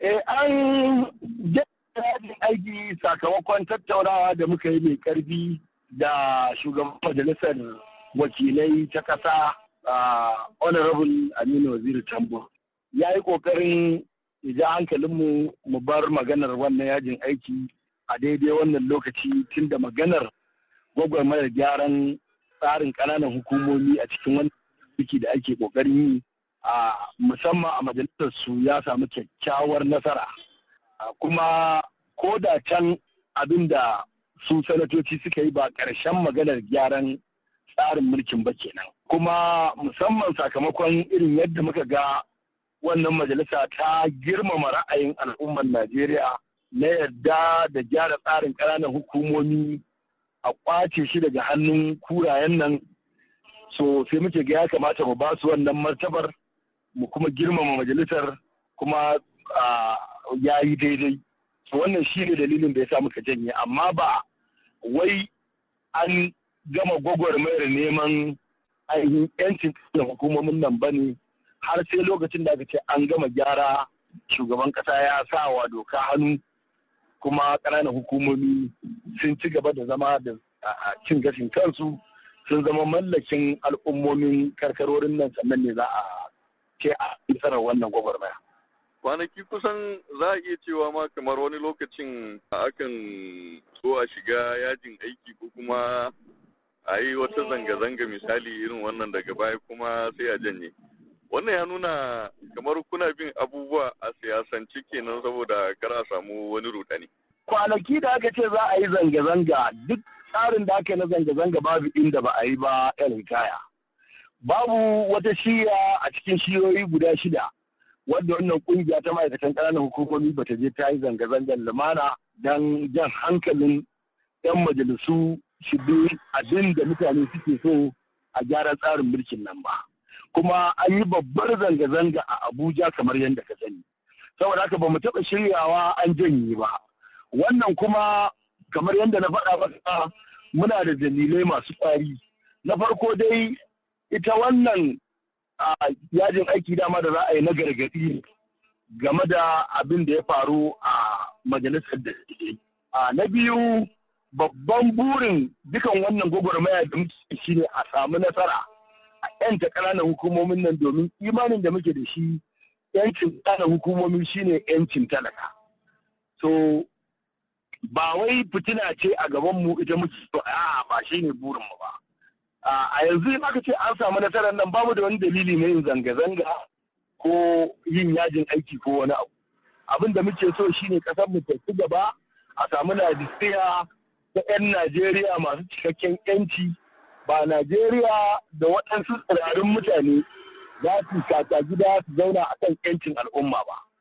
Eh an yajin aiki sakamakon tattaunawa da muka yi mai karfi da shugaban majalisar wakilai ta ƙasa ah, honorable Aminu Waziri Tambo. Ya yi ƙoƙarin ija hankalinmu mu bar maganar wannan yajin aiki a daidai wannan lokaci tun da maganar gwagwarmayar gyaran tsarin ƙananan hukumomi a cikin wannan ciki da ake ƙoƙarin yi a musamman a majalisar su ya samu kyakkyawar nasara kuma ko da can abin da su sanatoci suka yi ba ƙarshen maganar gyaran tsarin mulkin ba kenan kuma musamman sakamakon irin yadda muka ga wannan majalisa ta girmama ra'ayin al'ummar najeriya na yarda da gyara tsarin ƙananan hukumomi a ƙwace shi daga hannun kurayen nan so sai muke ga ya kamata mu ba su wannan martabar mu kuma girmama majalisar kuma ya yi daidai wannan shi ne dalilin da ya sa muka janye amma ba wai an gama gwagwarmayar neman ainihin yancin da hukumomin nan ba ne har sai lokacin da aka ce an gama gyara shugaban kasa ya sa wa doka hannu kuma ƙananan hukumomi sun ci gaba da zama da cin gashin kansu sun zama mallakin al'ummomin karkarorin nan sannan ne za a ce a nasarar wannan gwagwarmaya. kwanaki kusan za a iya cewa ma kamar wani lokacin akan so a shiga yajin aiki ko kuma a yi wata zanga-zanga misali irin wannan daga baya kuma sai a janye wannan ya nuna kamar kuna bin abubuwa a siyasance kenan saboda kar a samu wani rudani kwanaki da aka ce za a yi zanga-zanga duk tsarin da aka yi na zanga-zanga babu inda ba a yi ba yan hikaya babu wata shiya a cikin shiyoyi guda shida wadda wannan kungiya ta ma'aikatan ƙananan hukumomi ba ta je ta yi zanga-zangar lumana don jan hankalin 'yan majalisu su bi abin da mutane suke so a gyara tsarin mulkin nan ba kuma an yi babbar zanga-zanga a abuja kamar yadda ka sani saboda haka ba mu taɓa shiryawa an janye ba wannan kuma kamar yadda na faɗa ba muna da dalilai masu ƙwari na farko dai ita wannan yajin aiki dama da za a yi na gargadi game da abin da ya faru a majalisar da na biyu babban burin dukan wannan gwagwarmaya da muke shi ne a samu nasara a yanta ƙananan hukumomin nan domin imanin da muke da shi yancin ƙananan hukumomi shine yancin talaka so ba wai fitina ce a gabanmu ita muke a ba shi ne mu ba a yanzu in aka ce an samu nasarar nan babu da wani dalili na yin zanga-zanga ko yin yajin aiki ko wani abu abin da muke so shine kasar mu ta gaba a samu najeriya ta 'yan najeriya masu cikakken 'yanci ba najeriya da waɗansu tsirarin mutane za su kaka gida su zauna a kan 'yancin al'umma ba